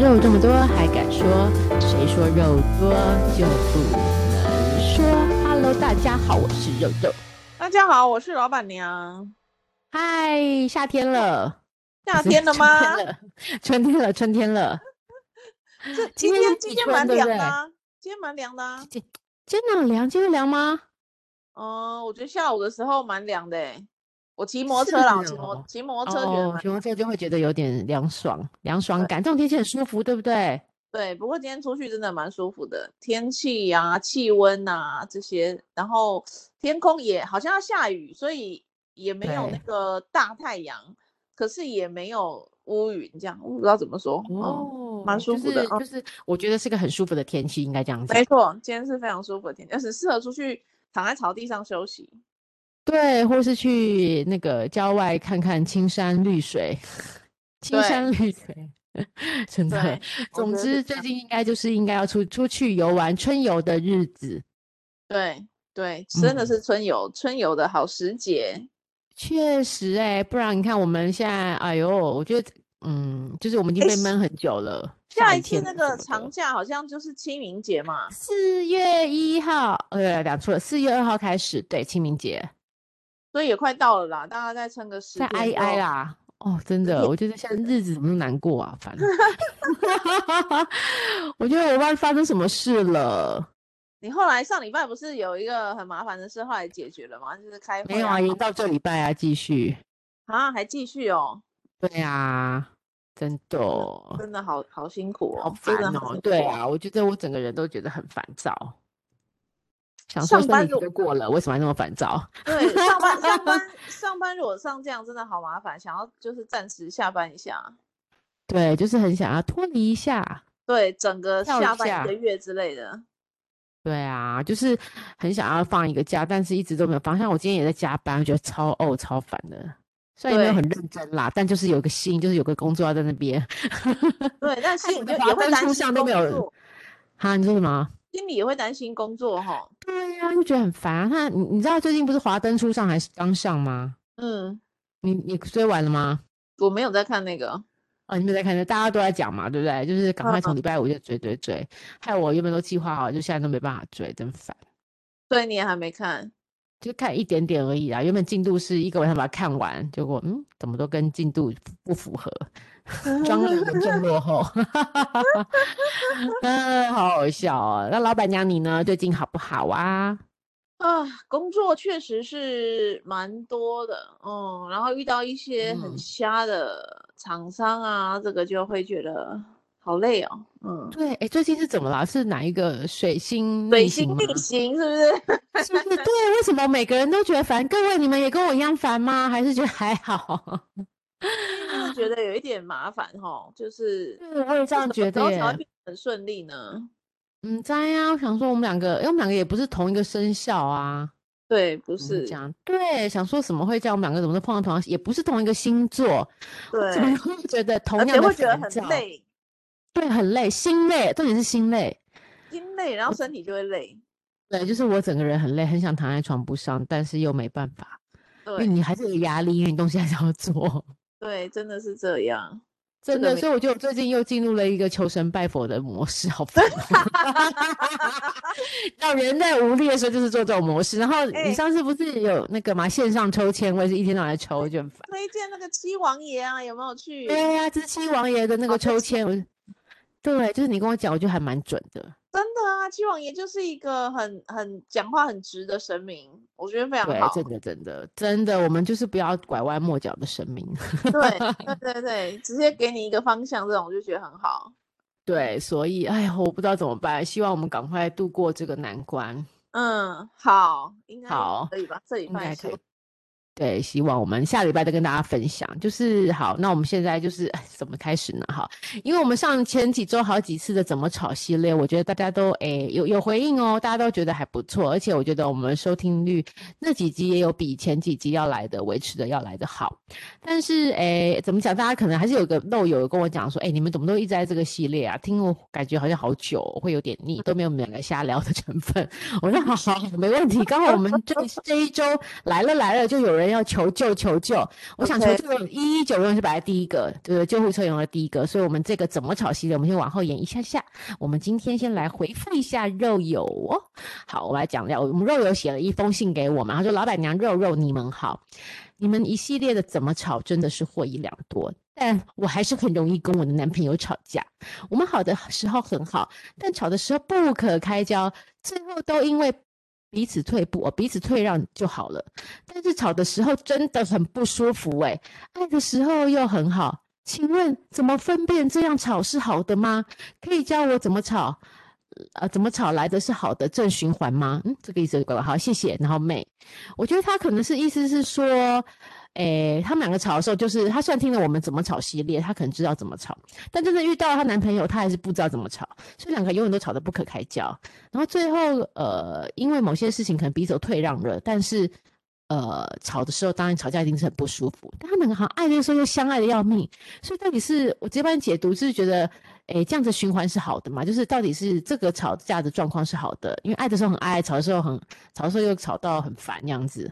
肉這麼多還敢說？誰說肉多就不能說？Hello，大家好，我是肉肉。大家好，我是老闆娘。嗨，夏天了。夏天了嗎？春天了，春天了，春天了。 今天今天，今天蠻涼的，今天蠻涼的，啊，真的很涼真的涼，涼嗎？哦，嗯，我覺得下午的時候蠻涼的，欸。我騎摩托車啦，騎摩騎摩托車覺得、哦、車就會覺得有點涼爽，涼爽感，這種天氣很舒服，對不對？對，不過今天出去真的蠻舒服的天氣啊，氣溫啊這些，然後天空也好像要下雨，所以也沒有那個大太陽，可是也沒有烏雲這樣，我不知道怎麼說哦，蠻、嗯、舒服的、就是，就是我覺得是個很舒服的天氣、嗯，應該這樣子。沒錯，今天是非常舒服的天氣，就是適合出去躺在草地上休息。對，或是去那個郊外看看青山綠水，青山綠水， 真的。總之，最近應該就是應該要出出去遊玩春遊的日子。對對，真的是春遊、嗯，春遊的好時節。確實哎、欸，不然你看我們現在，哎喲我覺得，嗯，就是我們已經被悶很久了。哎、一了下一天那個長假好像就是清明節嘛，四月一號，呃、哦，講錯了，四月二號開始，對，清明節。所以也快到了啦，大家再撐個十天，再挨一挨啦。哦，真的，我覺得現在日子怎麼那麼難過啊？煩。 我覺得我不知道發生什麼事了。你後來上禮拜不是有一個很麻煩的事，後來解決了嗎？就是開會啊。沒有啊，已經到這禮拜啊，繼續。啊，還繼續哦。對啊，真的，真的，真的好好辛苦哦，好煩哦，好哦。對啊，我覺得我整個人都覺得很煩躁。想就上班如果過了，為什麼還那麼煩躁？對，上班 上班上班如果上這樣，真的好麻煩。想要就是暫時下班一下。對，就是很想要脫離一下。對，整個下班一個月之類的。對啊，就是很想要放一個假，但是一直都沒有放。像我今天也在加班，我覺得超嘔、oh,、超煩的。雖然也沒有很認真啦，但就是有個心，就是有個工作要在那邊。 對，但是有的圖像都沒有。哈，你說什麼？心裡也會擔心工作哈，對呀、啊，就覺得很煩、啊。他，你你知道最近不是華燈初上還是剛上嗎？嗯，你你追完了嗎？我沒有在看那個啊，你沒有在看，大家都在講嘛，對不對？就是趕快從禮拜五就追追追，啊、害我原本都計劃好了，就現在都沒辦法追，真煩。對，你也還沒看，就看一點點而已啊。原本進度是一個晚上把它看完，結果嗯，怎麼都跟進度不符合。裝了很正落後，哈哈哈哈哈！嗯，好好笑哦。那老闆娘你呢？最近好不好啊？啊，工作確實是蠻多的，嗯，然後遇到一些很瞎的廠商啊，嗯、這個就會覺得好累哦。嗯，對，哎，最近是怎麼了？是哪一個水星？水星逆行，水星逆行是不是？ 是不是？對，為什麼每個人都覺得煩？各位，你們也跟我一樣煩嗎？還是覺得還好？ 覺得有一點麻煩哈，就是對我會這樣覺得，變得很順利呢？嗯，在呀，我想說我們兩個，因為我們兩個也不是同一個生肖啊。對，不是講。對，想說什麼會叫我們兩個怎麼都碰到同樣，也不是同一個星座。對，我怎麼會覺得同樣會覺得很累？對，很累，心累，重點是心累，心累，然後身體就會累。對，就是我整個人很累，很想躺在床不上，但是又沒辦法。對，因為你還是有壓力，因為東西還是要做。對，真的是這樣，真的、這個，所以我覺得我最近又進入了一個求神拜佛的模式，好煩！ 到人在無力的時候就是做這種模式。然後你上次不是有那個嘛、欸，線上抽籤，我也是一天到晚抽，就很煩。推薦那個七王爺啊，有沒有去？對呀、啊，是七王爺的那個抽籤、嗯，對，就是你跟我講，我就還蠻準的。真的啊，七王爺就是一個很很講話很直的神明。我覺得非常好，對，真的真的真的，我們就是不要拐彎抹角的聲明。 對對對對，直接給你一個方向，這種我就覺得很好。對，所以哎呀，我不知道怎麼辦，希望我們趕快度過這個難關。嗯，好，應該可以吧？這裡應該可以。對，希望我們下禮拜再跟大家分享，就是好，那我們現在就是怎麼開始呢？哈，因為我們上前幾周好幾次的怎麼吵系列，我覺得大家都哎有有回應哦，大家都覺得還不錯。而且我覺得我們收聽率那幾集也有比前幾集要來的維持的要來的好。但是哎，怎麼講？大家可能還是有個肉友跟我講說，哎，你們怎麼都一直在這個系列啊？聽我感覺好像好久，會有點膩，都沒有兩個瞎聊的成分。我說好好，沒問題。剛好我們這 這一周來了來了，就有人。要求救，求救！Okay. 我想求救，一一九，永遠是擺在第一個，呃、okay.，救護車永遠在第一個，所以我們這個怎麼吵系列，我們先往後延一下下。我們今天先來回復一下肉友哦。好，我來講了，我們肉友寫了一封信給我嘛，他說：“老闆娘肉肉，你們好，你們一系列的怎麼吵，真的是獲益良多。但我還是很容易跟我的男朋友吵架。我們好的時候很好，但吵的時候不可開交，最後都因為……”彼此退步，彼此退讓就好了。但是吵的時候真的很不舒服、欸，誒愛的時候又很好。請問怎麼分辨這樣吵是好的嗎？可以教我怎麼吵、呃？怎麼吵來的是好的正循環嗎？嗯，這個意思對吧？好，謝謝。然後妹，我覺得他可能是意思是說。誒、欸，他們兩個吵的時候，就是他雖然聽了我們怎麼吵系列，他可能知道怎麼吵，但真的遇到她男朋友，他還是不知道怎麼吵，所以兩個永遠都吵得不可開交。然後最後，呃，因為某些事情可能彼此退讓了，但是，呃，吵的時候當然吵架一定是很不舒服。但他們兩個好像愛的時候又相愛的要命，所以到底是我直接幫你解讀，就是覺得，誒、欸，這樣子的循環是好的嘛？就是到底是這個吵架的狀況是好的，因為愛的時候很愛，吵的時候很吵的時候又吵到很煩那樣子。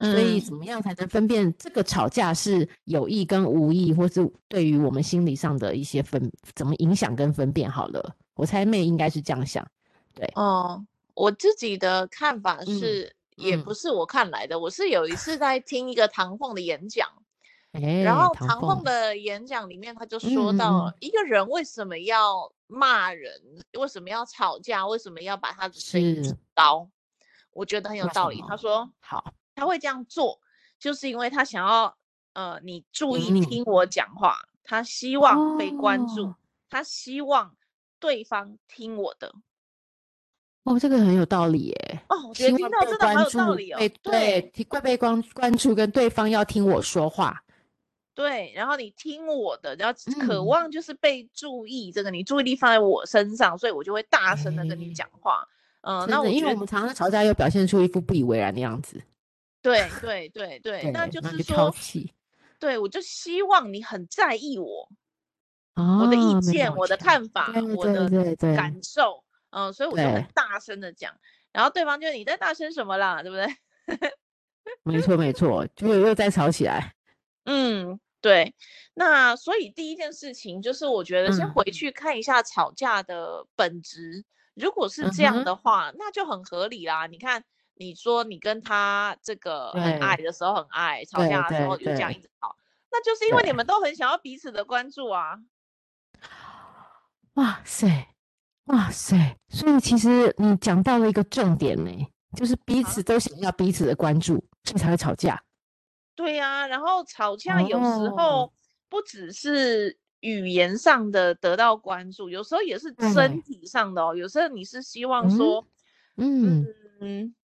所以怎麼樣才能分辨，嗯、這個吵架是有意跟無意，或是對於我們心理上的一些分怎麼影響跟分辨好了？我猜妹應該是這樣想，對。哦，嗯，我自己的看法是，嗯，也不是我看來的，嗯，我是有一次在聽一個唐鳳的演講，哎，然後唐鳳的演講裡面，他就說到，嗯，一個人為什麼要罵人，嗯，為什麼要吵架，為什麼要把他的聲音提高，我覺得很有道理。他說好。他會這樣做，就是因為他想要，呃，你注意聽我講話。嗯、他希望被關注、哦，他希望對方聽我的。哦，這個很有道理耶。哦，我覺得聽到真的很有道理哦。希望被關注被。對，希望被關關注跟對方要聽我說話。對，然後你聽我的，然後渴望就是被注意。嗯、這個你注意力放在我身上，所以我就會大聲的跟你講話。嗯、哎呃，那我因為我們常常吵架，又表現出一副不以為然的樣子。 對對對對， 對，那就是說，對，我就希望你很在意我，哦、我的意見，我的看法，對對對對對我的感受對對對對，嗯，所以我就大聲的講，然後對方就你在大聲什麼啦，對不對？ 沒錯沒錯，就又再吵起來。 嗯，對，那所以第一件事情就是，我覺得先回去看一下吵架的本質，嗯、如果是這樣的話、嗯，那就很合理啦。你看。你說你跟他這個很愛的時候很愛，吵架的時候就這樣一直吵，那就是因為你們都很想要彼此的關注啊！哇塞，哇塞，所以其實你講到了一個重點呢、欸，就是彼此都想要彼此的關注，所以才會吵架。對啊，然後吵架有時候不只是語言上的得到關注，oh. 有時候也是身體上的哦、喔。有時候你是希望說，嗯。嗯嗯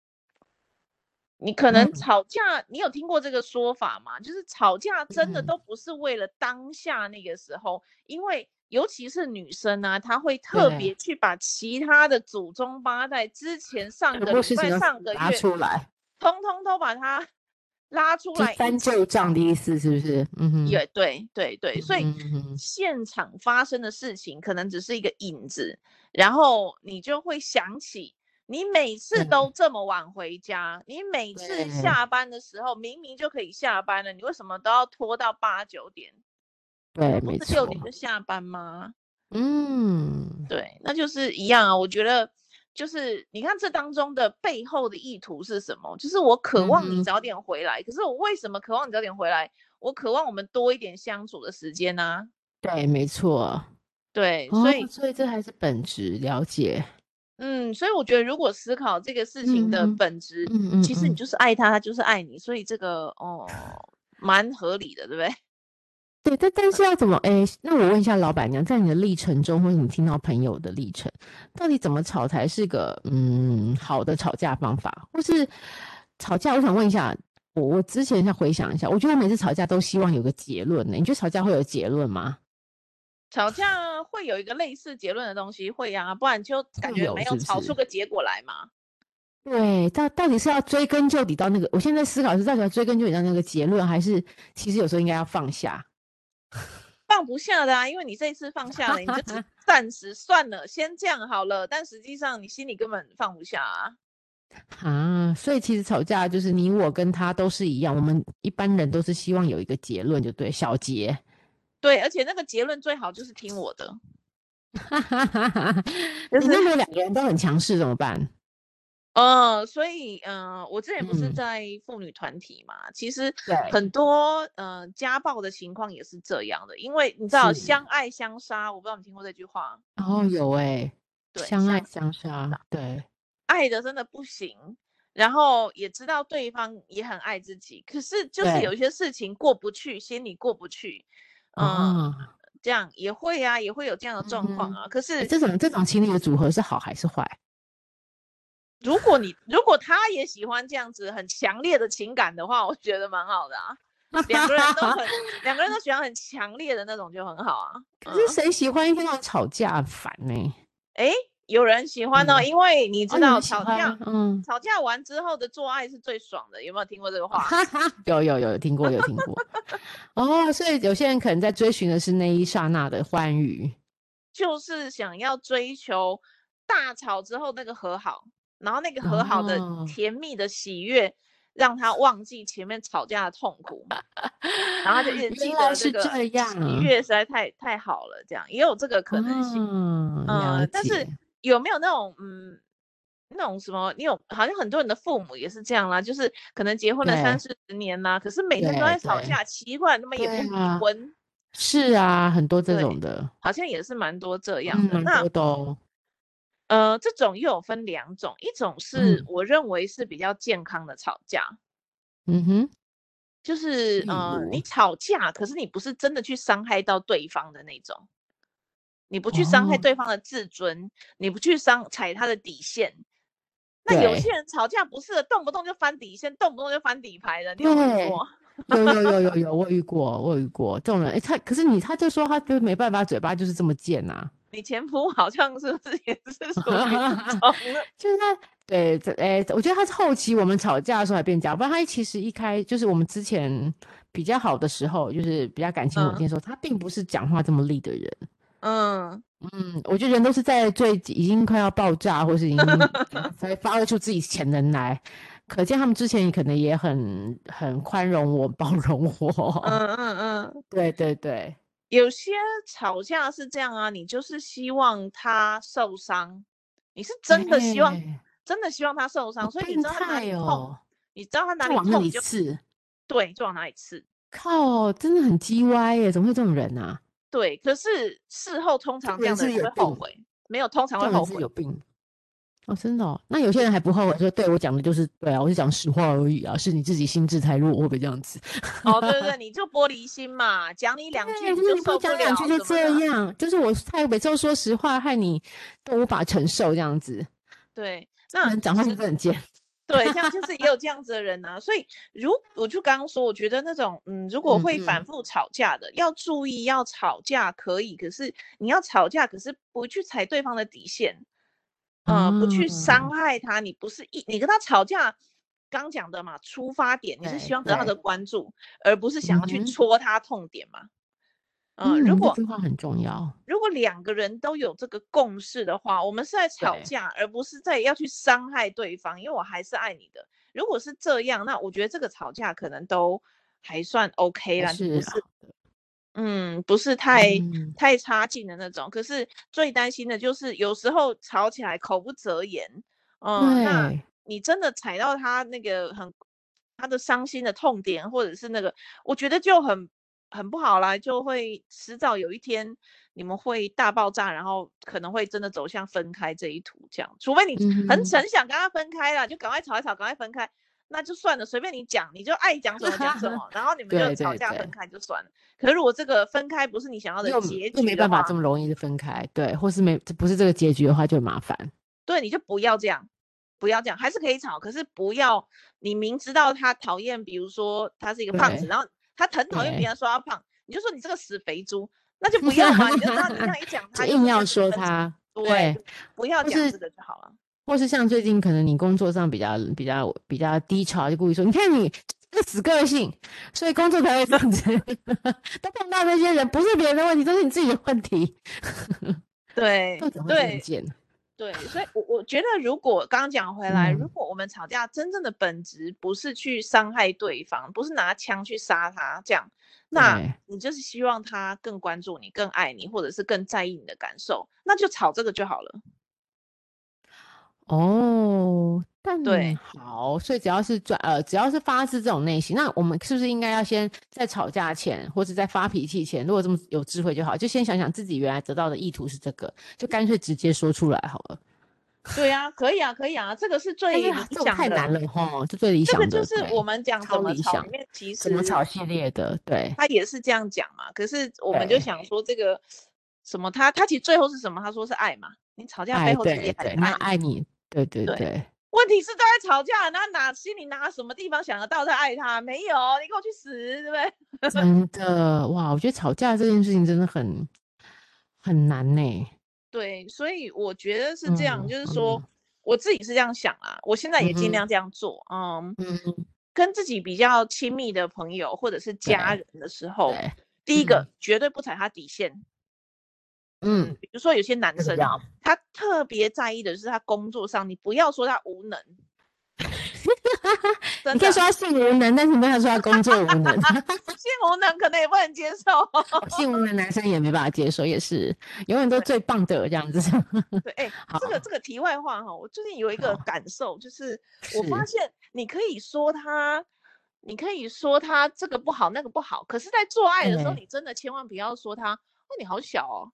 你可能吵架、嗯，你有聽過這個說法嗎？就是吵架真的都不是為了當下那個時候，嗯、因為尤其是女生呢、啊，她會特別去把其他的祖宗八代之前上個禮拜、上個月，出來，通通都把它拉出來。翻舊賬的意思是不是？嗯哼，也對，對對，對，所以現場發生的事情可能只是一個引子，然後你就會想起。你每次都這麼晚回家，嗯、你每次下班的時候明明就可以下班了，你為什麼都要拖到八九點？對，每次六點就下班嗎？嗯，對，那就是一樣啊。我覺得就是你看這當中的背後的意圖是什麼？就是我渴望你早點回來，嗯嗯，可是我為什麼渴望你早點回來？我渴望我們多一點相處的時間啊。對，沒錯。對，哦，所以所以這還是本質了解。嗯，所以我覺得如果思考這個事情的本質，嗯，嗯，其實你就是愛他，他就是愛你，嗯、所以這個哦蠻合理的，對不對？對，但但是要怎麼？哎、欸，那我問一下老闆娘，在你的歷程中，或者你聽到朋友的歷程，到底怎麼吵才是個嗯好的吵架方法？或是吵架？我想問一下，我我之前想回想一下，我覺得每次吵架都希望有個結論呢。你覺得吵架會有結論嗎？吵架會有一個類似結論的東西，會啊，不然就感覺沒有吵出個結果來嘛。是不是？對，到到底是要追根究底到那個，我現在思考是到底要追根究底到那個結論，還是其實有時候應該要放下？放不下的啊，因為你這一次放下了， 你就暫時算了， 先這樣好了。但實際上你心裡根本放不下啊。啊，所以其實吵架就是你我跟他都是一樣，我們一般人都是希望有一個結論，就對小結。對，而且那個結論最好就是聽我的。哈、 就是、 那時候兩個人都很強勢，怎麼辦？哦、呃，所以嗯、呃，我之前不是在婦女團體嘛、嗯，其實很多嗯、呃、家暴的情況也是這樣的，因為你知道相愛相殺，我不知道你聽過這句話。哦，有哎、欸。對，相愛相殺，對。愛的真的不行，然後也知道對方也很愛自己，可是就是有一些事情過不去，心裡過不去。嗯，oh. 這樣也會啊，也會有這樣的狀況啊。Mm -hmm. 可是、欸、這種這種情侶的組合是好還是壞？如果你如果他也喜歡這樣子很強烈的情感的話，我覺得蠻好的啊。兩個人都很 兩個人都喜歡很強烈的那種就很好啊。可是誰喜歡一天到晚吵架煩呢？欸？哎、嗯。誒有人喜歡哦、嗯，因為你知道、哦、你吵架、嗯，吵架完之後的做愛是最爽的，有沒有聽過這個話？ 有有有聽過有聽過。哦， oh, 所以有些人可能在追尋的是那一剎那的歡愉，就是想要追求大吵之後那個和好，然後那個和好的甜蜜的喜悅，oh. 讓他忘記前面吵架的痛苦， 然後他就一直記得這個喜悅，實在太太好了，這樣也有這個可能性，oh, 嗯，但是。有沒有那種嗯，那種什麼？你有好像很多人的父母也是這樣啦，啊，就是可能結婚了三四十年啦，啊，可是每天都在吵架，奇怪，那麼也不離婚，啊。是啊，很多這種的，好像也是蠻多這樣的。那，嗯，多懂。呃，這種又有分兩種，一種是我認為是比較健康的吵架。嗯，嗯哼。就是呃，你吵架，可是你不是真的去傷害到對方的那種。你不去傷害對方的自尊，oh. 你不去傷踩他的底線，那有些人吵架不是動不動就翻底線，動不動就翻底牌的，你有遇過？有有有有有， 我有遇過，我有遇過這種人。哎、欸，他可是你，他就說他就沒辦法，嘴巴就是這麼賤吶、啊。你前夫好像是不是也是說麼？ 就是他對,對、欸，我覺得他後期我們吵架的時候還變僵，不然他其實一開就是我們之前比較好的時候，就是比較感情穩定的時候，uh. 他並不是講話這麼利的人。嗯嗯，我覺得人都是在最已經快要爆炸，或是已經 才發揮出自己潛能來，可見他們之前也可能也很很寬容我，包容我。嗯嗯嗯，對對對，有些吵架是這樣啊，你就是希望他受傷，你是真的希望，真的希望他受傷。哦哦，所以你知道他哪裡痛，你知道他哪裡痛你就刺，對，就往哪裡刺。靠，真的很機歪耶，怎麼會這種人啊？對，可是事後通常這樣的人會後悔，有沒有？通常會後悔。是有病哦，真的哦。那有些人還不後悔說，說對我講的就是對啊，我是講實話而已啊，是你自己心智太弱，我會被這樣子。哦，對，對對，你就玻璃心嘛， 講你兩句你就是你不講兩句就這樣，樣就是我我每次都說實話，害你都無法承受這樣子。對，那人講話是不是很賤？ 對，像就是也有這樣子的人吶、啊，所以如我就剛剛說，我覺得那種嗯，如果會反覆吵架的，要注意，要吵架可以，可是你要吵架，可是不去踩對方的底線，呃、嗯，不去傷害他，嗯、你不是一你跟他吵架，剛講的嘛，出發點你是希望得到他的關注，而不是想要去戳他痛點嘛。嗯嗯，嗯，如果這句話很重要，如果兩個人都有這個共識的話，我們是在吵架，而不是在要去傷害對方。因為我還是愛你的。如果是這樣，那我覺得這個吵架可能都還算 OK 啦，是不是？嗯，不是太、嗯、太差勁的那種。可是最擔心的就是有時候吵起來口不擇言，嗯，那你真的踩到他那個很他的傷心的痛點，或者是那個，我覺得就很。很不好啦，就會遲早有一天你們會大爆炸，然後可能會真的走向分開這一途這樣。除非你很很想跟他分開了、嗯、就趕快吵一吵，趕快分開，那就算了，隨便你講，你就愛講什麼講什麼， 然後你們就吵架分開就算了 對對對。可是如果這個分開不是你想要的結局的話，就沒辦法這麼容易就分開，對，或是沒不是這個結局的話就很麻煩。對，你就不要這樣，不要這樣，還是可以吵，可是不要你明知道他討厭，比如說他是一個胖子，然後。他很討厭別人說他胖，你就說你這個死肥豬，那就不要嘛。 你就你這樣一講，他 硬要說他。對，不要講這個就好了。或是， 或是像最近可能你工作上比較比較比較低潮，就故意說，你看你這個死個性，所以工作才會這樣子。他碰 到那些人，不是別人的問題，都、就是你自己的問題。 對，怎麼會這麼賤，對。對，所以我，我我覺得，如果剛，剛講回來、嗯，如果我們吵架，真正的本質不是去傷害對方，不是拿槍去殺他，這樣，那你就是希望他更關注你、嗯，更愛你，或者是更在意你的感受，那就吵這個就好了。哦。但對，好，所以只要是轉呃，只要是發自這種內心，那我們是不是應該要先在吵架前或者在發脾氣前，如果這麼有智慧就好，就先想想自己原來得到的意圖是這個，就乾脆直接說出來好了。對呀、啊，可以啊，可以啊，這個是最理想的是、啊、這太難了哈，就最理想的。這個就是我們講怎麼吵裡怎麼吵系列的，對。他也是這樣講嘛，可是我們就想說這個什麼他，他他其實最後是什麼？他說是愛嘛，你吵架背後其實很愛你，愛你，對對對。對問題是在吵架，那哪心裡哪什麼地方想得到再愛他？沒有，你給我去死，對不對？ 真的哇，我覺得吵架這件事情真的很很難呢、欸。對，所以我覺得是這樣，嗯、就是說、嗯、我自己是這樣想啊，我現在也盡量這樣做嗯，嗯，嗯，嗯，跟自己比較親密的朋友或者是家人的時候，第一個、嗯、絕對不踩他底線。嗯，比如說有些男生、啊，他特別在意的是他工作上，你不要說他無能， 你可以說他性無能，但是不要說他工作無能。 性無能可能也不能接受，哦、性無能男生也沒辦法接受， 也是永遠都最棒的這樣子。 對，哎、欸，這個這個題外話哈、哦，我最近有一個感受，就是我發現你可以說他，你可以說他這個不好那個不好，可是，在做愛的時候、嗯，你真的千萬不要說他，哦，你好小哦。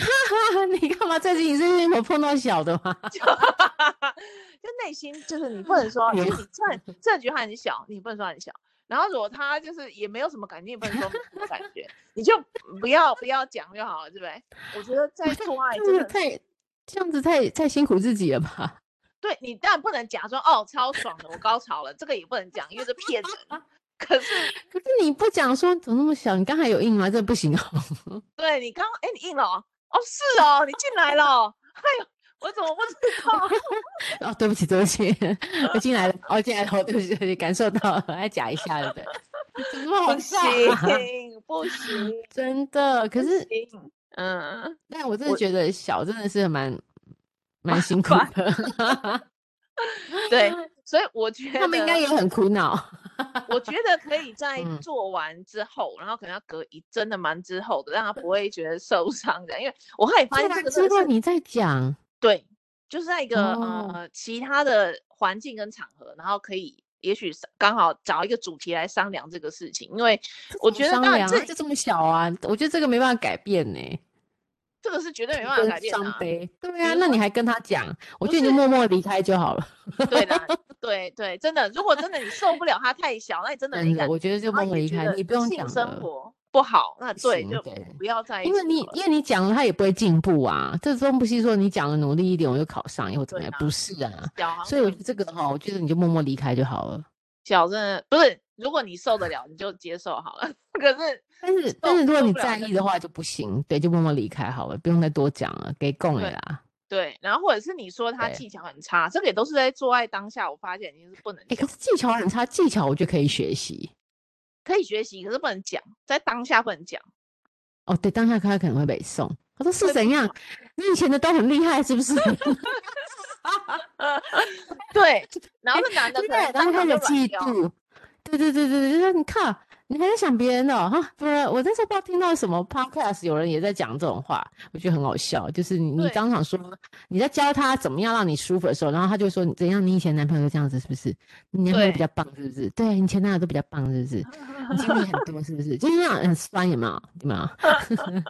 哈 哈，你幹嘛在這裡，是因為碰到小的嗎？ 就內心就是你不能說，因你這這句話很小，你不能說很小。然後如果他就是也沒有什麼感覺，你不能說沒感覺， 你就不要不要講就好了，對不對？我覺得在做愛真的 這太這樣子太太辛苦自己了吧？對你，但不能假裝哦，超爽的，我高潮了，這個也不能講，因為是騙人。 可是可是你不講說怎麼那麼小？你剛才有硬嗎？這不行哦。對你剛，哎、欸，你硬了、哦。哦，是哦，你進來了，哦， 哎呦，我怎麼不知道？ 哦，對不起，對不起， 我進來了，哦，進來了，哦，對不起，對不起，感受到了。來夾一下，對不對？不行，不行， 真的，可是，嗯，但我真的覺得小真的是蠻蠻辛苦的， 對。所以我覺得他們應該也很苦惱。我覺得可以在做完之後， 嗯、然後可能要隔一，真的蠻之後的，讓他不會覺得受傷這樣。因為我後來發現這個、就是，知道你在講，對，就是在一個、哦、呃其他的環境跟場合，然後可以也許剛好找一個主題來商量這個事情。因為我覺得那這這麼，這，這麼小啊，我覺得這個沒辦法改變呢、欸。這個是絕對沒辦法改變啊對！對啊、嗯，那你還跟他講？我覺得你就默默離開就好了。 對的，對對，真的，如果真的你受不了他太小，那你真的， 真的我覺得就默默離開，你不用講。性生活不好，那對，對就不要在意。因為你因為你講了他也不會進步啊。這並不是說你講了努力一點我就考上，又怎麼樣？不是啊，所以我覺得這個的、啊、話，我覺得你就默默離開就好了。小真的不是。如果你受得了，你就接受好了。 可是，但是，但是，如果你在意的話就不行。 對，就默默離開好了，不用再多講了，給供了。對，然後或者是你說他技巧很差，這個也都是在做愛當下，我發現你是不能。哎、欸，可是技巧很差，技巧我就可以學習，可以學習，可是不能講，在當下不能講。哦，對，當下他可能會被送。他說是怎樣？ 你以前的都很厲害，是不是？ 對，那男的，對、欸，當他的嫉妒。 對對對對，就是你看，你還在想別人呢、哦、哈。不是，我那時候不知道聽到什麼 podcast，有人也在講這種話，我覺得很好笑。就是你你當場說你在教他怎麼樣讓你舒服的時候，然後他就說你怎樣，你以前男朋友都這樣子是不是？你男朋友比較棒是不是？對，對你前男友都比較棒是不是？ 你經歷很多是不是？就是那種很酸有沒有，有沒有？有沒有？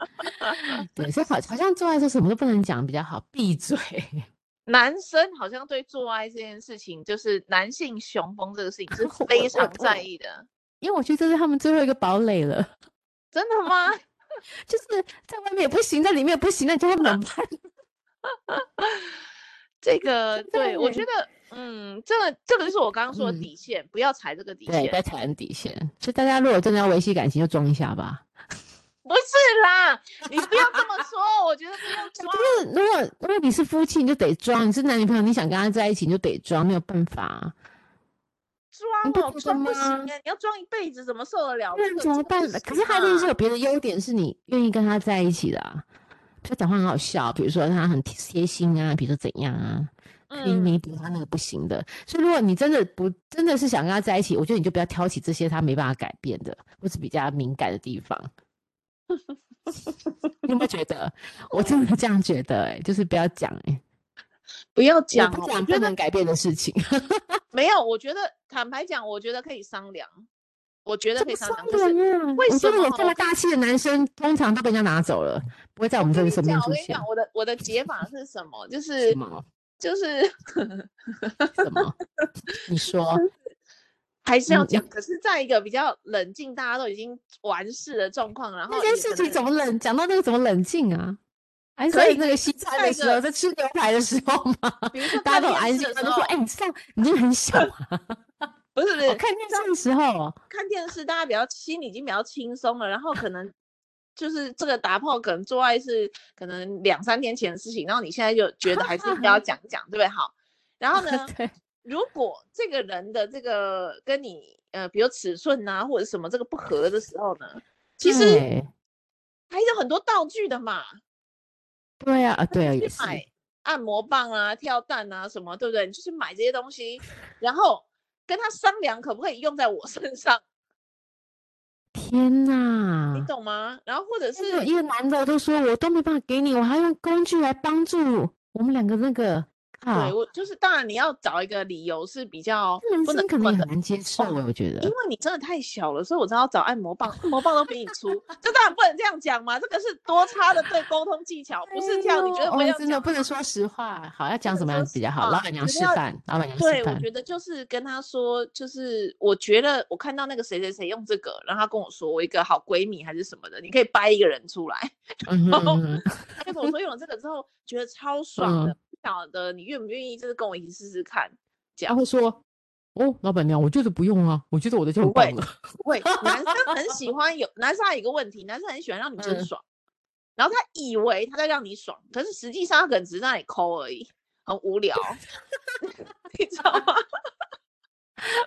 對，所以好好像做愛說什麼都不能講比較好，閉嘴。男生好像對做愛這件事情，就是男性雄風這個事情是非常在意的，因為我覺得這是他們最後一個堡壘了。真的嗎？ 就是在外面也不行，在裡面也不行，那叫冷戰。 這個 對我覺得，嗯，這個這個就是我剛剛說的底線、 嗯，不要踩這個底線。對，不要踩很底線。所以大家如果真的要維繫感情，就裝一下吧。 不是啦，你不要這麼說。 我覺得不要裝。不是，如果如果你是夫妻，你就得裝；你是男女朋友，你想跟他在一起你就得裝，沒有辦法、啊。裝、喔，你不裝不行啊！你要裝一輩子，怎麼受得了？那怎麼辦法、這個是啊？可是他其實有別的優點，是你願意跟他在一起的。他講話很好笑，比如說他很貼心啊，比如說怎樣啊，嗯、可以彌補他那個不行的。所以如果你真的不真的是想跟他在一起，我覺得你就不要挑起這些他沒辦法改變的或是比較敏感的地方。 你有沒有覺得？ 我真的是這樣覺得哎、欸，就是不要講哎、欸，不要講、喔，我不講不能改變的事情。 沒有，我覺得坦白講，我覺得可以商量，我覺得可以商量。商量，為什麼這麼大氣的男生，通常都被人家拿走了，不會在我們這裡身邊。我跟你講，我的我的解法是什麼？就是什麼就是 什麼？你說。 還是要講、嗯，可是在一個比較冷靜、大家都已經完事的狀況，然後那些事情怎麼冷講到那個怎麼冷靜啊？所以那個西餐的時候，在吃牛排的時候嘛，大家都很安靜，說：“哎，你這你這已經很小啊。”不是不是，看電視的時候，看電視大家比較心裡已經比較輕鬆了， 然後可能就是這個打破可能做愛是可能兩三天前的事情，然後你現在就覺得還是需要講一講， 對不對？好，然後呢？ 對如果這個人的這個跟你呃，比如尺寸吶、啊、或者什麼這個不合的時候呢，其實還有很多道具的嘛。對啊、對啊，也是。你去買按摩棒啊、跳蛋啊什麼，對不對？你就是買這些東西，然後跟他商量可不可以用在我身上。天哪，你懂嗎？然後或者是一個男的都說我都沒辦法給你，我還用工具來幫助我們兩個那個。啊、對，我就是當然你要找一個理由是比較不能不能很難接受的，嗯的 oh, 我覺得，因為你真的太小了，所以我只好找按摩棒，按 摩棒都比你粗，就當然不能這樣講嘛，這個是多差的對溝通技巧， 不是這樣，哎、你覺得我這、oh, 真的不能說實話。好，要講什麼樣子比較好？老闆娘示範，老闆娘、就是、老闆娘對，我覺得就是跟他說，就是我覺得我看到那個誰誰誰用這個，然後他跟我說，我一個好閨蜜還是什麼的，你可以掰一個人出來，然 跟 我說用了這個之後覺得超爽的。嗯曉得你願不願意，就是跟我一起試試看。姐會說：“哦，老闆娘，我就是不用啊，我覺得我的錢夠了。會”會，男生很喜歡有 男生還有一個問題， 男生很喜歡讓女生爽，嗯，然後他以為他在讓你爽，可是實際上他可能只是讓你摳而已，很無聊， 你知道嗎？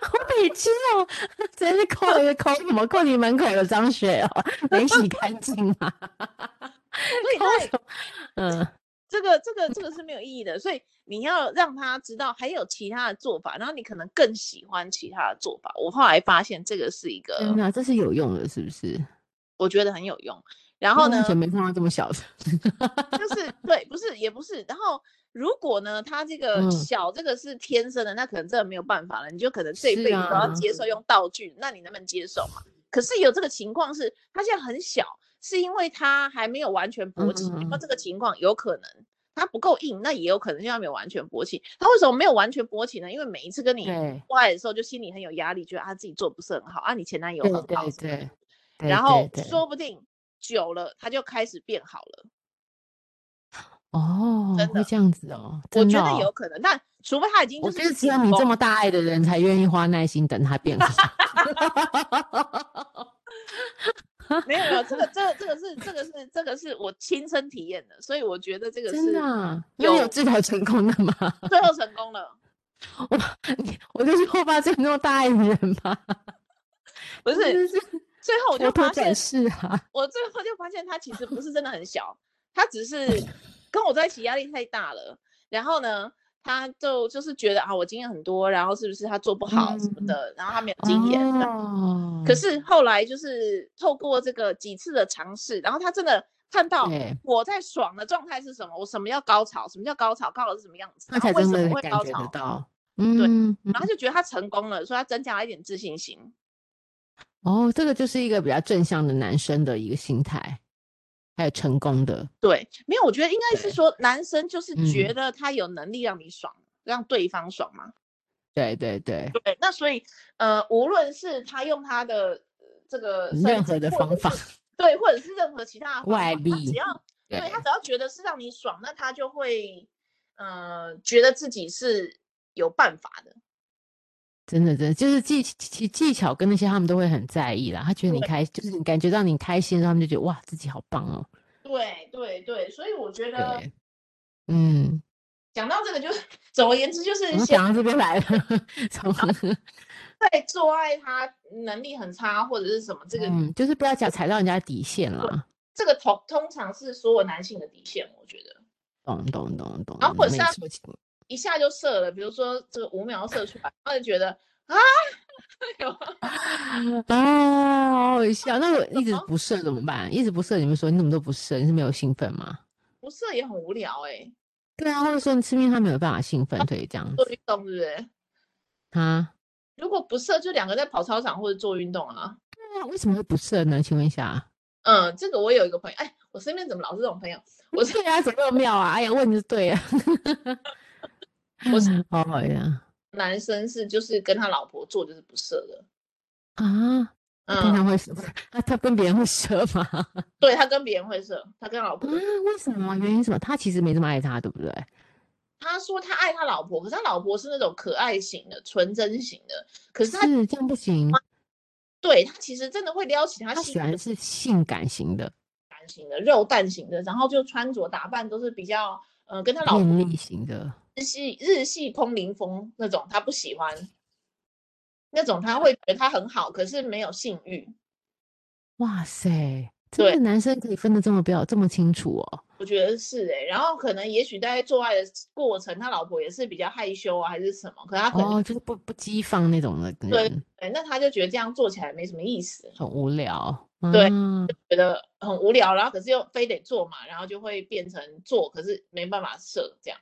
好委屈哦，真是摳一摳什麼？摳 你門口有髒水哦，沒洗乾淨啊，摳什麼？ 嗯。這個這個這個是沒有意義的，所以你要讓他知道還有其他的做法，然後你可能更喜歡其他的做法。我後來發現這個是一個，那、嗯啊、這是有用的，是不是？我覺得很有用。然後呢？全沒看到這麼小的， 就是對，不是也不是。然後如果呢，他這個小這個是天生的，嗯、那可能這個沒有辦法了，你就可能這一輩子都要接受用道具、啊。那你能不能接受嘛？可是有這個情況是，他現在很小，是因為他還沒有完全勃起，那、嗯嗯嗯、這個情況有可能。他不夠硬，那也有可能現在沒有完全勃起。他為什麼沒有完全勃起呢？因為每一次跟你過來的時候，就心裡很有壓力，覺得他自己做不是很好。對對對啊，你前男友很好。對，然後說不定久了他就開始變好了。哦，真的會這樣子哦，真的哦，我覺得有可能。那、哦、除非他已經，就是只有你這麼大愛的人才願意花耐心等他變好。 沒有沒有，這個這個、這個是這個是這個是我親身體驗的，所以我覺得這個是真的。有治療成功的，的、啊、成功了嗎？最後成功了。我你我就是後發現那麼大愛點人不是，就是最後我就發現是啊。我最後就發現他其實不是真的很小，他只是跟我在一起壓力太大了。然後呢？他就就是覺得啊，我經驗很多，然後是不是他做不好什麼的，嗯、然後他沒有經驗、哦、可是後來就是透過這個幾次的嘗試，然後他真的看到我在爽的狀態是什麼，我什麼叫高潮，什麼叫高潮，高潮是什麼樣子，他才為什麼會高潮。嗯，對，然後就覺得他成功了，所以他增加了一點自信心。嗯嗯、哦，這個就是一個比較正向的男生的一個心態。還有成功的，對，沒有，我覺得應該是說，男生就是覺得他有能力讓你爽，對嗯、讓對方爽嘛。對對對對，那所以呃，無論是他用他的這個任何的方法，對，或者是任何其他外力，只要對他只要覺得是讓你爽，那他就會、呃、覺得自己是有辦法的。真的，真的，就是技技技巧跟那些他們都會很在意啦。他覺得你開心，就是你感覺到你開心，他們就覺得哇，自己好棒哦、喔。對對對，所以我覺得，嗯，講到這個就，就是總而言之，就是我想到、嗯、這邊來了。在做愛他能力很差或者是什麼，這個嗯， 就是不要講踩到人家底線了。這個通通常是所有男性的底線，我覺得。懂懂懂懂。然後我是。一下就射了，比如說這個五秒射出來，他就覺得啊，啊， 哎呦哦、好好笑。那我、個、一直不射怎麼辦？一直不射，你們說你怎麼都不射？你是沒有興奮嗎？不射也很無聊哎、欸。對啊，或者說你吃麵，他沒有辦法興奮，可以這樣做運動，對不對？啊？如果不射，就兩個在跑操場或者做運動啊，啊。為什麼會不射呢？請問一下。嗯，這個我有一個朋友，哎，我身邊怎麼老是這種朋友？我身邊還怎麼他十六秒啊，哎呀，問的對啊。 我是哦呀，男生是就是跟他老婆做就是不色的、嗯、啊，他會射他他跟別人會射嗎？ 對他跟別人會射，他跟老婆、啊、為什麼？原因什麼？他其實沒這麼愛她，對不對？他說他愛他老婆，可是他老婆是那種可愛型的、純真型的，可是，是這樣不行。他對他其實真的會撩起他，他喜歡是性感型的、感型的、肉蛋型的，然後就穿着打扮都是比較呃跟他老婆的型的，日系日系空靈風那種，他不喜歡。那種他會覺得他很好，可是沒有性欲。哇塞，這男生可以分得這麼標這麼清楚哦。我覺得是哎、欸，然後可能也許在做愛的過程，他老婆也是比較害羞啊，還是什麼？可他可能、哦、就是不不激放那種的。對對，那他就覺得這樣做起來沒什麼意思，很無聊。嗯、對，就覺得很無聊，然後可是又非得做嘛，然後就會變成做，可是沒辦法射這樣。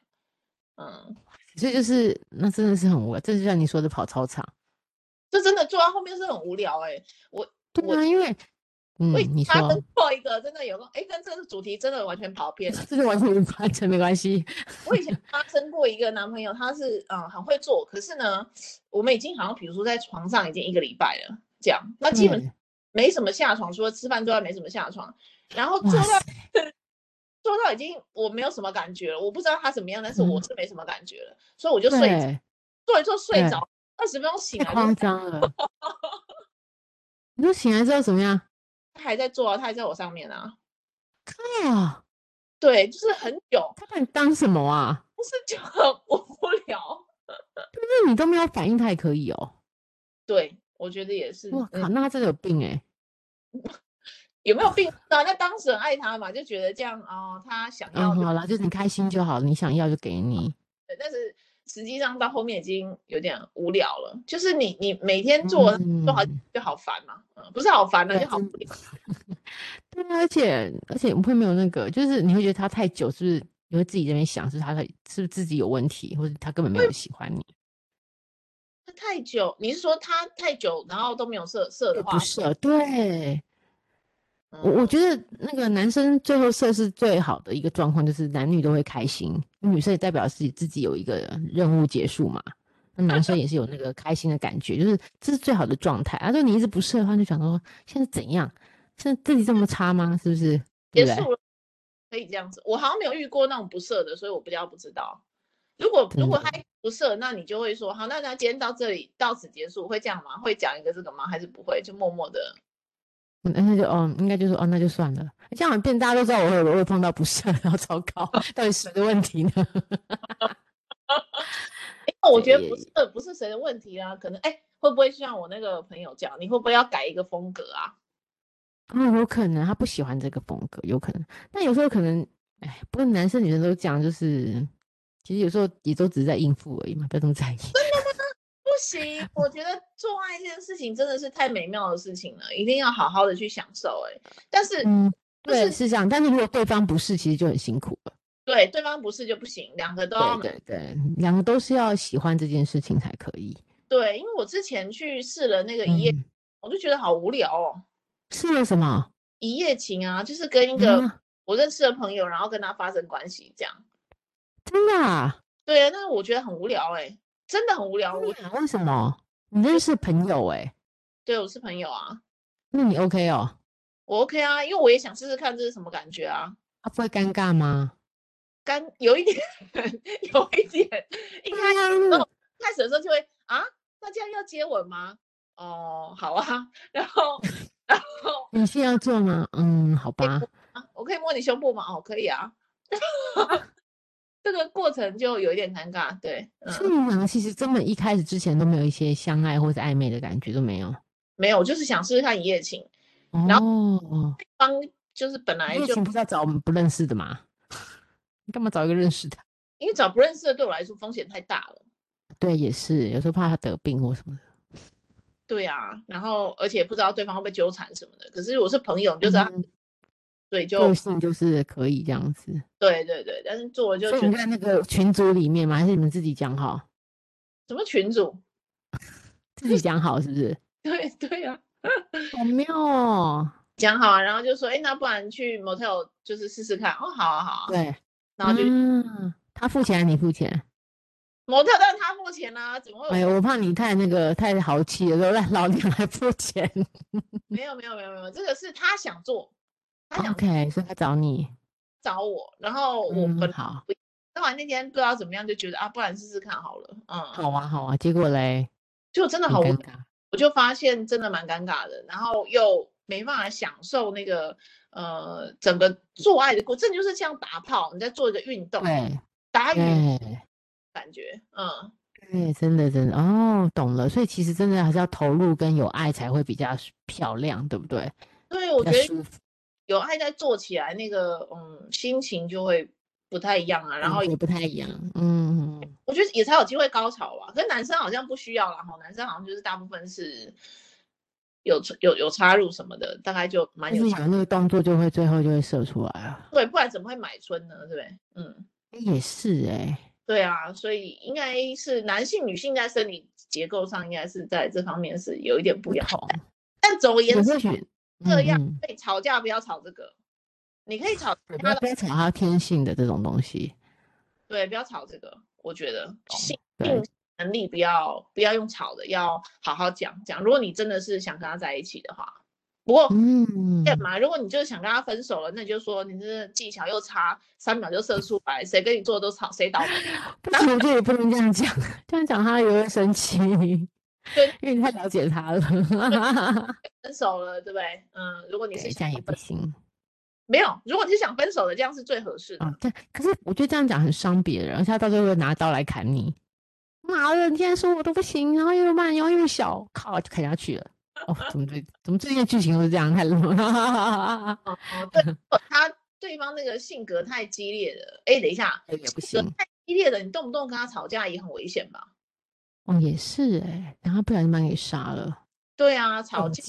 嗯，所以就是那真的是很無聊，這就像你說的跑操場，就真的坐到後面是很無聊哎、欸。我，對啊，因為，嗯，發生過一個真的有個，哎、嗯欸，跟這個主題真的完全跑偏，這就完全完全沒關係。 我以前發生過一個男朋友，他是嗯很會做，可是呢，我們已經好像比如說在床上已經一個禮拜了這樣，那基本沒什麼下床，除了吃飯之外沒什麼下床，然後坐在。做到已經我沒有什麼感覺了，我不知道他怎麼樣，但是我是沒什麼感覺了，嗯、所以我就睡著，做一做睡着，二十分鐘醒來就誇張了。 你說醒來之後怎麼樣？他還在做、啊、他還在我上面啊。對，就是很久。他把你當什麼啊？不是就很無聊？不是你都沒有反應，他也可以哦。對，我覺得也是。我靠，那他真的有病哎、欸。 有沒有病、啊、那當時很愛他嘛，就覺得這樣哦，他想要你、嗯、好了，就是你開心就好了，你想要就給你。但是實際上到後面已經有點無聊了，就是你你每天做做、嗯、好就好煩嘛、啊嗯，不是好煩的、啊、就好無聊。對啊， 而且而且我會沒有那個，就是你會覺得他太久，是不是你會自己在那邊想，是他的是不是自己有問題，或者他根本沒有喜歡你？他太久，你是說他太久，然後都沒有色色的話，不是對？我我覺得那個男生最後設是最好的一個狀況，就是男女都會開心。女生也代表自己自己有一個任務結束嘛，那男生也是有那個開心的感覺， 就是這是最好的狀態啊。就你一直不設的話，就想說現在怎樣，現在自己這麼差嗎？是不是結束了？可以這樣子。我好像沒有遇過那種不設的，所以我比較不知道。如果如果他不設，那你就會說好，那那今天到這裡到此結束，會這樣嗎？會講一個這個嗎？還是不會就默默的？那就哦，應該就說哦，那就算了。這樣變大，大家都知道我會不會碰到不順，然、哦、後糟糕，到底誰的問題呢？因 為 、欸、我覺得不是不是誰的問題啊，可能哎、欸，會不會像我那個朋友講，你會不會要改一個風格啊？啊、嗯，有可能他不喜歡這個風格，有可能。但有時候可能哎，不過男生女生都講，就是其實有時候也都只是在應付而已嘛，不要這麼在意。不行，我覺得做愛這件事情真的是太美妙的事情了，一定要好好的去享受、欸。哎，但是，嗯、對、就是，是這樣。但是如果對方不是，其實就很辛苦了。對，對方不是就不行，兩個都要，對、對對，兩個都是要喜歡這件事情才可以。對，因為我之前去試了那個一夜、嗯，我就覺得好無聊哦。試了什麼？一夜情啊，就是跟一個我認識的朋友，嗯、然後跟他發生關係這樣。真的？啊，對啊，但是我覺得很無聊哎、欸。真的很無聊。為、啊、什麼？你認識朋友哎、欸？對，我是朋友啊。那你 OK 哦？我 OK 啊，因為我也想試試看這是什麼感覺啊。啊不會尷尬嗎？尷，有一點， 有一點。啊、一開始，開始的時候就會啊，那這樣要接吻嗎？哦，好啊。然後，然後你是要做嗎？嗯，好吧。我可以摸你胸部嗎？哦，可以啊。 這個過程就有一點尷尬，對。正、嗯啊、其實根本一開始之前都沒有一些相愛或者曖昧的感覺都沒有。沒有，就是想試試看一夜情。哦。然後對方就是本來就。一夜情不是在找我們不認識的嗎？你幹嘛找一個認識的？因為找不認識的對我來說風險太大了。對，也是，有時候怕他得病或什麼的。對啊，然後而且不知道對方會不會糾纏什麼的。可是我是朋友，就這樣。對，就、個性就是可以這樣子。對對對，但是做就所以你在那個群組裡面嗎？還是你們自己講好？什麼群組？自己講好是不是？ 對對啊，好妙、喔！講好啊，然後就說，誒、欸、那不然去 motel，就是試試看。哦，好啊好啊。對，然後就、嗯、他付錢還是你付錢？motel，但是他付錢啊？怎麼會？哎我怕你太那個太豪氣了，說讓老娘來付錢。 沒有沒有沒有沒有，這個是他想做。OK，所以他找你，找我，然後我們、嗯、好。那好那天不知道怎麼樣，就覺得啊，不然試試看好了。嗯，好啊，好啊。結果嘞，就真的好，很尷尬。我，我就發現真的蠻尷尬的，然後又沒辦法享受那個呃整個做愛的過程，就是像打炮，你在做一個運動，哎，打野感覺，嗯，對，真的真的哦，懂了。所以其實真的還是要投入跟有愛才會比較漂亮，對不對？對，我覺得。有愛在做起來，那個嗯，心情就會不太一樣啊。嗯、然後也不太一樣，嗯，我覺得也才有機會高潮吧。可是男生好像不需要啦，男生好像就是大部分是有有有插入什麼的，大概就蠻有的、就是、那個動作就會最後就會射出來啊。對，不然怎麼會買春呢？對嗯，也是哎、欸。對啊，所以應該是男性、女性在生理結構上應該是在這方面是有一點不一樣。但總言之、啊。這樣被、嗯嗯、吵架不要吵這個，你可以吵他，不要吵他天性的這種東西。對，不要吵這個，我覺得、哦、性，性能力不要不要用吵的，要好好講講。如果你真的是想跟他在一起的話，不過嗯幹嘛？如果你就是想跟他分手了，那你就說你是技巧又差，三秒就射出來，誰跟你做的都吵，誰倒霉。那 我這也不能這樣講， 這樣講他也會生氣。因為你太了解他了 分手了，對不對？嗯，如果你是想分手這樣也不行，沒有，如果你是想分手的，這樣是最合適的、哦。對，可是我覺得這樣講很傷別人，然後他到時候會拿刀來砍你。媽、嗯、的，你竟然說我都不行，然後又慢，後又，又小，靠，就砍下去了。哦，怎麼最 怎麼最近的劇情都是這樣看、 嗯，太冷了。哈對，他對方那個性格太激烈了。哎，等一下，也不行，性格太激烈的，你動不動跟他吵架也很危險吧？哦，也是哎、欸，然後不小心把你給殺了。對啊，吵架。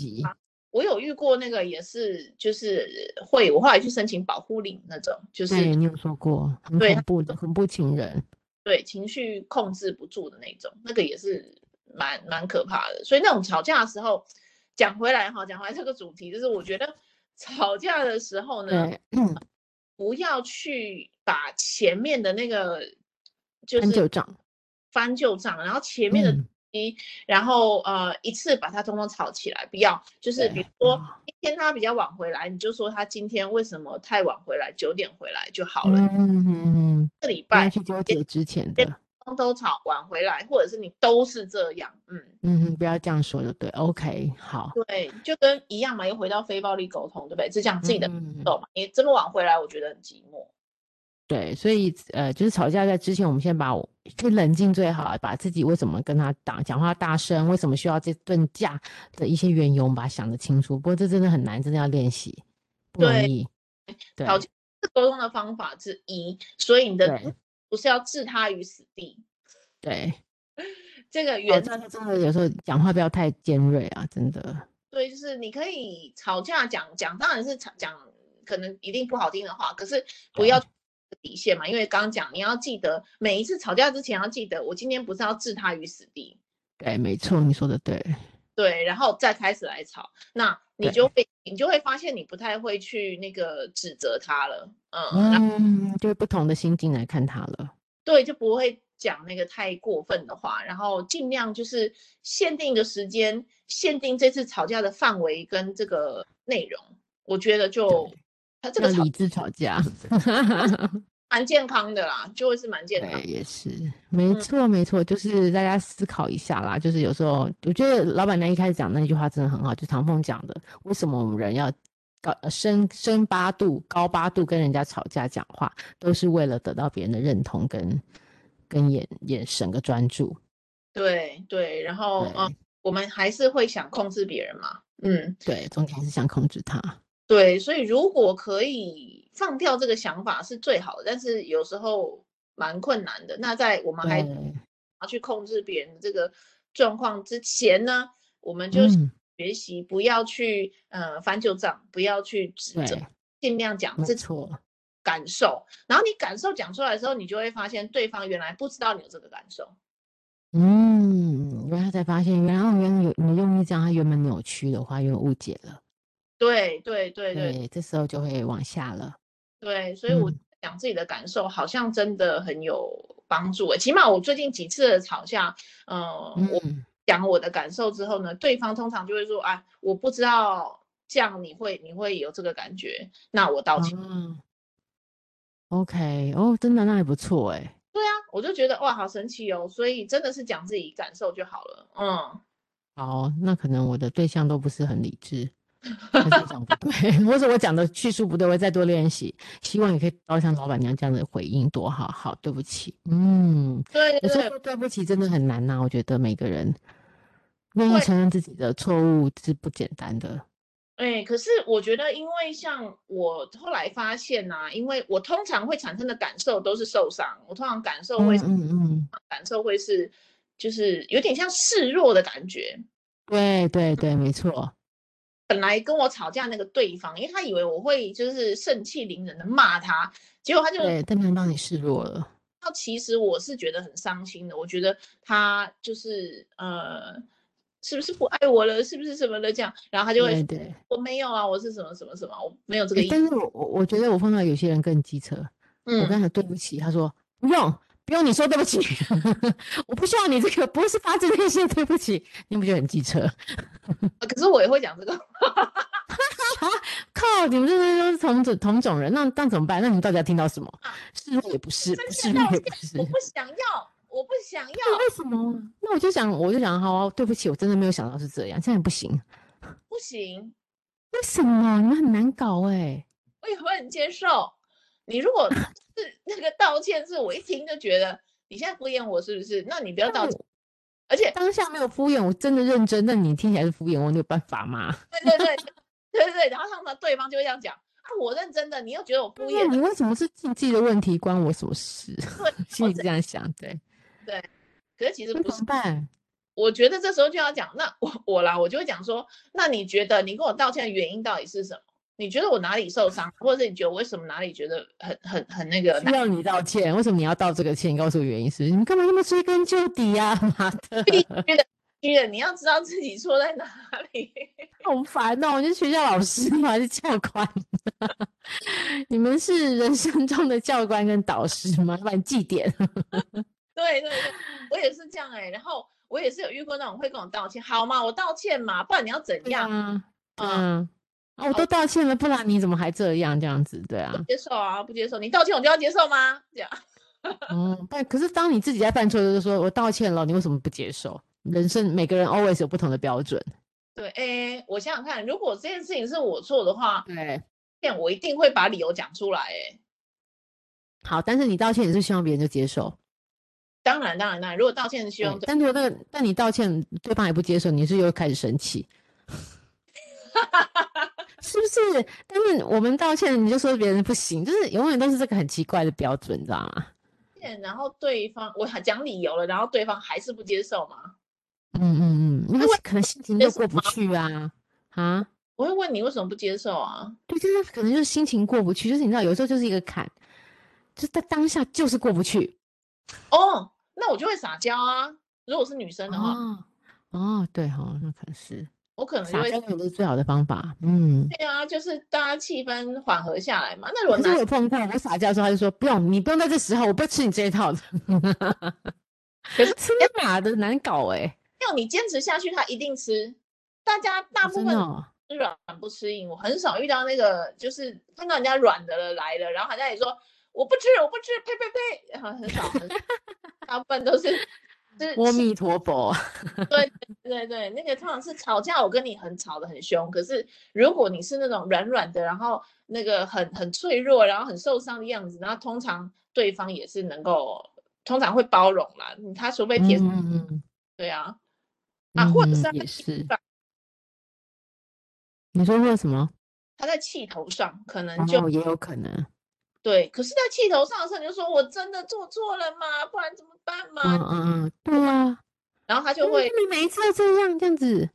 我有遇過那個，也是就是會，我後來去申請保護令那種。就是你有說過。很恐怖的，很不情人。對，情緒控制不住的那種，那個也是蠻蠻可怕的。所以那種吵架的時候，講回來哈、哦，講回來這個主題，就是我覺得吵架的時候呢，嗯呃、不要去把前面的那個就是。很久長翻舊賬，然後前面的東西、嗯，然後呃一次把它通通吵起來，不要就是比如說一天他比較晚回來、嗯，你就說他今天為什麼太晚回來，九點回來就好了。嗯嗯嗯。這、嗯、禮、嗯、拜去九點之前的都吵晚回來，或者是你都是這樣，嗯嗯嗯，不要這樣說就對，OK，好。對，就跟一樣嘛，又回到非暴力溝通，對不對？只講自己的、嗯、你這麼晚回來，我覺得很寂寞。對，所以呃，就是吵架在之前，我們先把就冷靜最好，把自己為什麼跟他大講話大聲，為什麼需要這頓架的一些原因，我們把它想得清楚。不過這真的很難，真的要練習，不容易，對。對，吵架是溝通的方法之一，所以你的不是要置他於死地。對，這個原則是真的有時候講話不要太尖銳啊，真的。對，就是你可以吵架講講，當然是講可能一定不好聽的話，可是不要。底線嘛，因為剛剛講，你要記得，每一次吵架之前要記得，我今天不是要置他於死地。對，沒錯，你說的對。對，然後再開始來吵，那你就會你就會發現你不太會去那個指責他了，嗯。嗯，就是不同的心境來看他了。對，就不會講那個太過分的話，然後尽量就是限定一個時間，限定這次吵架的範圍跟這個內容。我覺得就。跟理智吵架，啊，這個，吵架 蠻健康的啦，就會是蠻健康的。對，也是，沒錯，嗯，沒錯，就是大家思考一下啦。就是有時候，我覺得老闆娘一開始講那句話真的很好，就唐鳳講的，為什麼我們人要高升八度，高八度跟人家吵架講話，都是為了得到別人的認同跟跟眼眼神的專注。對對，然後，哦，我們還是會想控制別人嘛。嗯，嗯對，總體還是想控制他。對，所以如果可以放掉這個想法是最好的，但是有時候蠻困難的。那在我們還要去控制別人的這個狀況之前呢，我們就學習不要去、嗯、呃，翻舊賬，不要去指責，盡量講自己感受，沒錯。然後你感受講出來的時候，你就會發現對方原來不知道你有這個感受。嗯，原來才發現，原來我原來有你用一張他原本扭曲的話，又誤解了。對，對對對對，這時候就會往下了。對，所以我講自己的感受，好像真的很有幫助、欸。哎、嗯，起碼我最近幾次吵架、呃，嗯，我講我的感受之後呢，對方通常就會說：“啊、哎，我不知道這樣你會你會有這個感覺。那到啊 okay. oh, ”那我道歉。OK，哦，真的那還不錯哎、欸。對啊，我就覺得哇，好神奇哦、喔。所以真的是講自己感受就好了。嗯，好，那可能我的對象都不是很理智。我 講不對，或者我講的去述不對，我再多練習，希望你可以得到像老闆娘這樣的回應，多好好，對不起，嗯，對，對，你說對不起真的很難吶、啊，我覺得每個人願意承認自己的錯誤是不簡單的。哎，可是我覺得，因為像我後來發現吶、啊，因為我通常會產生的感受都是受傷，我通常感受會是嗯，嗯嗯，感受會是就是有點像示弱的感覺。對對對，嗯、沒錯。本來跟我吵架那個對方，因為他以為我會就是盛氣凌人的罵他，結果他就對，他能幫你示弱了。那其實我是覺得很傷心的，我覺得他就是呃，是不是不愛我了？是不是什麼的這樣？然後他就會說，對，對,對，我沒有啊，我是什麼什麼什麼，我沒有這個意思，欸。但是我我我覺得我碰到有些人更機車、嗯，我跟他對不起，嗯、他說不用。不用你說，對不起。 我不需要你這個，不是發自內心對不起，你不覺得很機車？ 、啊？可是我也會講這個 啊，靠，你們這都是同種同種人，那那怎麼辦？那你們到底要聽到什麼？示、啊、弱也不是，也不是，我不想要，我不想要，為什麼？那我就想，我就想，好、啊，對不起，我真的沒有想到是這樣，這樣也不行，不行，為什麼？你們很難搞哎、欸，我也會很接受，你如果。 是那個道歉，是我一聽就覺得你現在敷衍我，是不是？那你不要道歉，而且當下沒有敷衍，我真的認真。那你聽起來是敷衍。我，你有辦法嗎？對對對 對對對。然後他們對方就會這樣講，那、啊、我認真的，你又覺得我敷衍，你為什麼是自己的問題，關我什麼事？心裡這樣想，對對。可是其實不是怎麼辦？我覺得這時候就要講，那我我啦，我就會講說，那你覺得你跟我道歉的原因到底是什麼？你覺得我哪裡受傷，或者是你覺得我為什麼哪裡覺得很很很那個？需要你道歉，為什麼你要道這個歉？你告訴我原因是是，是你們幹嘛那麼追根究底啊？媽的！必須的，必須的，你要知道自己錯在哪裡。 好煩哦、喔！我，就是學校老師嘛， 是教官。 你們是人生中的教官跟導師嘛？幫你記點。 對對對，我也是這樣哎、欸。然後我也是有遇過那種會跟我道歉，好嘛，我道歉嘛，不然你要怎樣？嗯。嗯嗯啊、哦！我都道歉了，不然你怎麼還這樣這樣子？對啊，不接受啊，不接受？你道歉我就要接受嗎？這樣。 嗯，但可是當你自己在犯錯的時候，說我道歉了，你為什麼不接受？人生每個人 always 有不同的標準。對，哎、欸，我想想看，如果這件事情是我錯的話，對，這樣我一定會把理由講出來、欸。哎，好，但是你道歉也是希望別人就接受？當然，當然，當然。如果道歉是希望，但如果那但你道歉對方也不接受，你是又開始生氣？哈哈哈哈。就是，但是我們道歉，你就說別人不行，就是永遠都是這個很奇怪的標準，知道嗎？Yeah, 然後對方，我很講理由了，然後對方還是不接受嗎？嗯嗯嗯，因為可能心情都過不去啊，不不啊！我會問你為什麼不接受啊？對，就是可能就是心情過不去，就是你知道，有時候就是一個坎，就在當下就是過不去。哦、oh,，那我就會撒嬌啊，如果是女生的話。哦、oh, oh,，對哈，那可能是。撒嬌可能是最好的方法，嗯，對啊，就是大家氣氛，緩和下來嘛。那我有碰到我撒嬌的時候，他就說不用，你不用在這時候，我不吃你這一套的。 可是吃馬的難搞哎、欸，要、欸、你堅持下去，他一定吃。大家大部分吃軟不吃硬。哦，我很少遇到那個就是碰到人家軟的了來了，然後人家也說我不吃，我不吃，呸呸呸，然後很少，很， 大部分都是。就是阿彌陀佛， 對對對對，那個通常是吵架，我跟你很吵得很兇，可是如果你是那種軟軟的，然後那個很很脆弱，然後很受傷的樣子，然後通常對方也是能夠，通常會包容啦，他除非鐵，嗯嗯，嗯，嗯，對啊，啊，或者是嗯嗯也是，你說為什麼？他在氣頭上，可能就、啊、也有可能。對，可是，在氣頭上的時候，你就說我真的做錯了嘛？不然怎麼辦嘛？嗯嗯，對啊。然後他就會你、嗯嗯嗯嗯、每一次都這樣這樣子，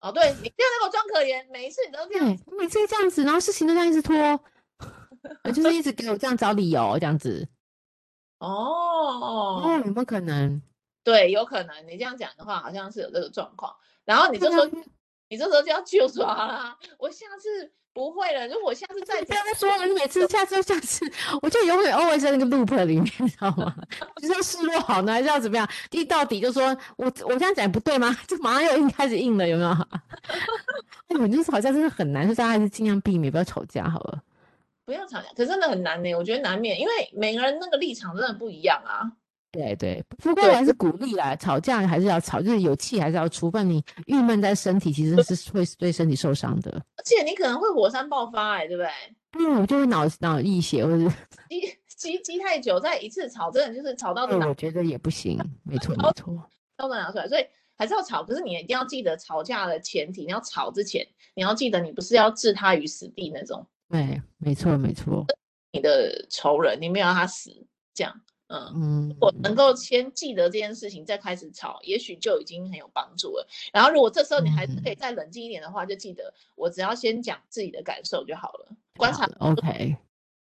哦，對，你不要跟我裝可憐， 每一次你都這樣、欸，每次這樣子，然後事情都這樣一直拖，我 、啊、就是一直給我這樣找理由這樣子。 哦，嗯、哦，不可能。對，有可能。你這樣講的話，好像是有這個狀況。然後你就說， 你這時候就要救抓啦、啊，我下次。不會了，如果我下次再這樣說了，你每次下次下次， 我就永遠 always 在那個 loop 裡面，你知道嗎？ 就是要示弱好呢，還是要怎麼樣？第一到底就說，我我這樣講不對嗎？就馬上又開始硬了，有沒有、 哎？我就是好像真的很難，就大家還是盡量避免不要吵架好了，不要吵架，可是真的很難呢、欸。我覺得難免，因為每個人那個立場真的不一樣啊。對對，不過還是鼓勵啦，吵架還是要吵，就是有氣還是要出。不然你鬱悶在身體，其實是會對身體受傷的。而且你可能會火山爆發、欸，哎，對不對？對、嗯，就會腦腦溢血，或者積積積太久，再一次吵，真的就是吵到的，我覺得也不行，沒錯 沒錯，都能拿出來。所以還是要吵，可是你一定要記得，吵架的前提，你要吵之前，你要記得，你不是要置他於死地那種。對，沒錯沒錯，就是、你的仇人，你沒有讓他死這樣。嗯我、嗯、能夠先記得這件事情，再開始吵，嗯、也許就已經很有幫助了。然後，如果這時候你還是可以再冷靜一點的話、嗯，就記得我只要先講自己的感受就好了。好觀察，OK，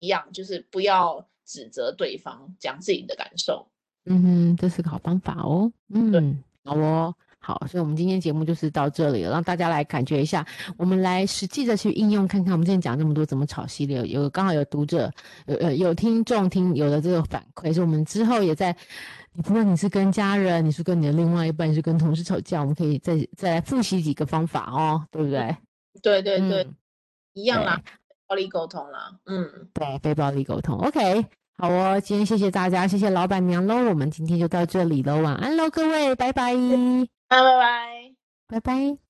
一樣就是不要指責對方，講自己的感受。嗯哼，這是個好方法哦。嗯，好哦。好，所以我們今天節目就是到這裡了，讓大家來感覺一下，我們來實際的去應用看看。我們今天講這麼多，怎麼吵系列有，有剛好有讀者，有，有，有聽眾聽有的這個反饋，所以我們之後也在，你不論你是跟家人，你是跟你的另外一半，你是跟同事吵架，我們可以再再來複習幾個方法哦，對不對？對對對，嗯、一樣啦，暴力溝通啦，嗯，對，非暴力溝通，OK。好哦，今天謝謝大家，謝謝老闆娘嘍，我們今天就到這裡嘍，晚安嘍，各位，拜拜，拜、啊、拜拜拜。拜拜。